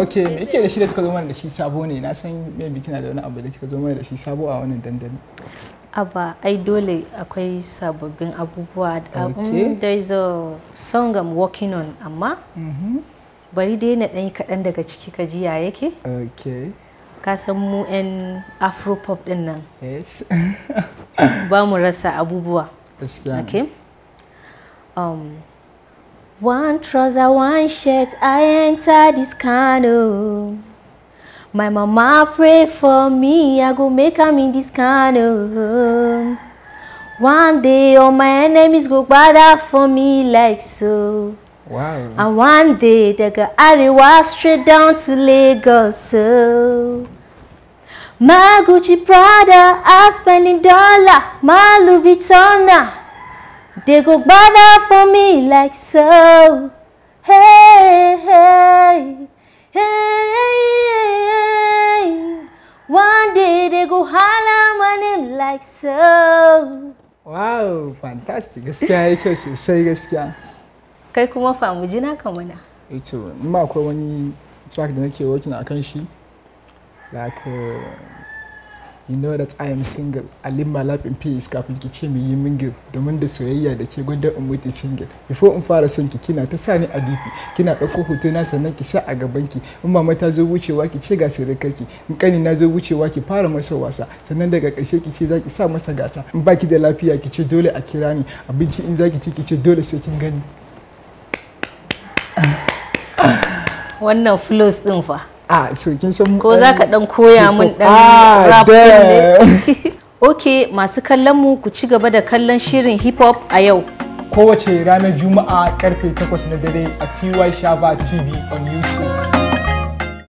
ok me yake da shi da kika zo mana da shi sabo ne na san me kina da wani abu da kika zo mana da shi sabo a wannan dandali Abba, ai dole akwai sababbin abubuwa. Um, okay. there is a song I'm working on, amma mm-hmm. bari dai na dan kaɗan daga ciki ka ji ya yake. Okay. Ka san mu 'yan pop din nan. Yes. ba mu rasa abubuwa. okay. Um, One trouser, one shirt, I enter this canoe. My mama pray for me, I go make am in this canoe. One day all my enemies go gather for me like so. Wow. And one day they go Ariwa straight down to Lagos. So. My Gucci Prada, I spending dollar, my Louis Vuitton. Ah. They go bother for me like so. Hey, hey, hey, hey. One day they go holler my name like so. Wow, fantastic. Gaskiya ya kyau sosai gaskiya. Kai kuma famu jina ka muna. Ito, in ba akwai wani track da nake working akan shi. Like uh, you know that I am single I live my life in peace kafin ki ce mu yi mingle domin da soyayya da ke gwada in mutu single before in fara son kina ta sani a dipi kina ɗauko hoto na sannan ki sa a gaban ki in mama ta zo wucewa ki ce ga sirikar ki in kani na zo wucewa ki fara masa wasa sannan daga ƙarshe ki ce sa masa gasa in baki da lafiya ki ce dole a kira ni abinci in zaki ki ki dole sai kin gani wannan flows din fa a so kin san ko za ka dan koya mun dan ah, rap ne ok masu kallon mu ku ci gaba da kallon shirin hip hop a yau kowace ranar juma'a karfe 8 na dare a ty shava tv on youtube